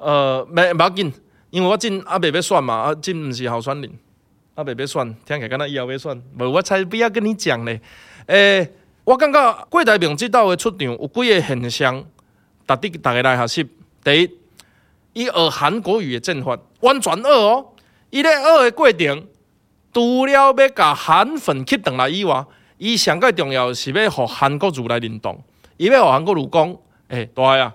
呃，袂袂要緊，因為我真阿袂要選嘛，啊，真毋是好選人，阿袂要選，聽起敢若以後要選，無我才不要跟你講咧。誒、欸，我感覺郭台銘這道嘅出場有幾個現象，值得大家來學習。第一，伊學韓國瑜嘅陣法完全學哦，伊咧學嘅過程，除了要甲韓粉去上來以外，伊上個重要的是要互韓國瑜來聯動，伊要讓韓國瑜講，誒、欸，對啊。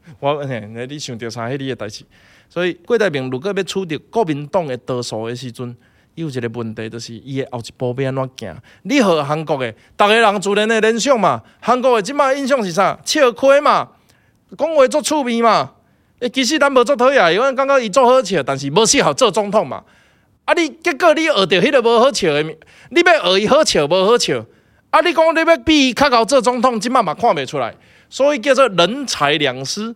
我嘿，那你想到啥？迄個代志，所以郭台銘如果要處得國民黨嘅多數嘅時陣，伊有一個問題，就是伊嘅後一步要安怎行？你學韓國嘅，逐個人自然嘅聯想嘛。韓國嘅即擺印象是啥？笑虧嘛，講話足趣味嘛。誒，其實咱無足討厭，伊為剛剛伊足好笑，但是無適合做總統嘛。啊，你結果你學着迄個無好笑嘅，你要學伊好笑無好笑？啊，你講你要比伊較賢做總統，即擺嘛看袂出來，所以叫做人財兩失。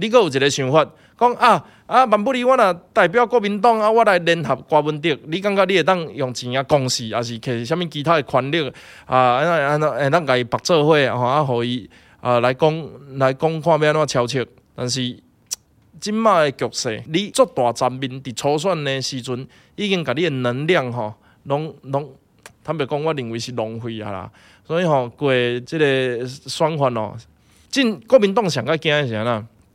你個有一個想法，講啊啊萬不里，我若代表國民黨啊，我來聯合郭文迪。你感覺你會當用錢啊、公司，還是摕什物其他嘅權力啊？啊啊啊！咱家己白做伙吼，啊，互伊啊，啊，啊，啊，啊來講來講，看要安怎操作。但是即擺嘅局勢，你作大戰面佇初選嘅時陣，已經甲你嘅能量吼，攏攏，坦白講，我認為是浪費啊啦。所以吼，過即個選方咯，進國民黨上較驚的是安怎？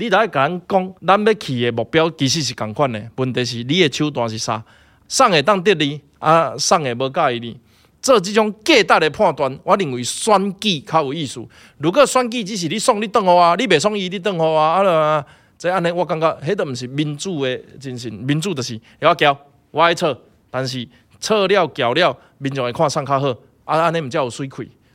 你來甲咱講，咱要去嘅目標其實是同款嘅，問題是你嘅手段是啥？送嘅當得你，啊，送嘅無佮意你，做即種價值嘅判斷，我認為選舉較有意思。如果選舉只是你送你當予我，你袂送伊你當好啊，啊啦，即安尼我感覺，迄都毋是民主嘅，真是民主就是有交，我愛炒，但是炒了交了民眾會看上較好，啊，安尼毋才有水虧。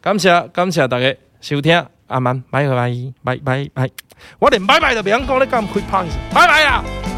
感謝感謝大家收聽，阿文，拜拜拜拜拜，我連拜拜都唔想講，你咁快拍，拜拜啊！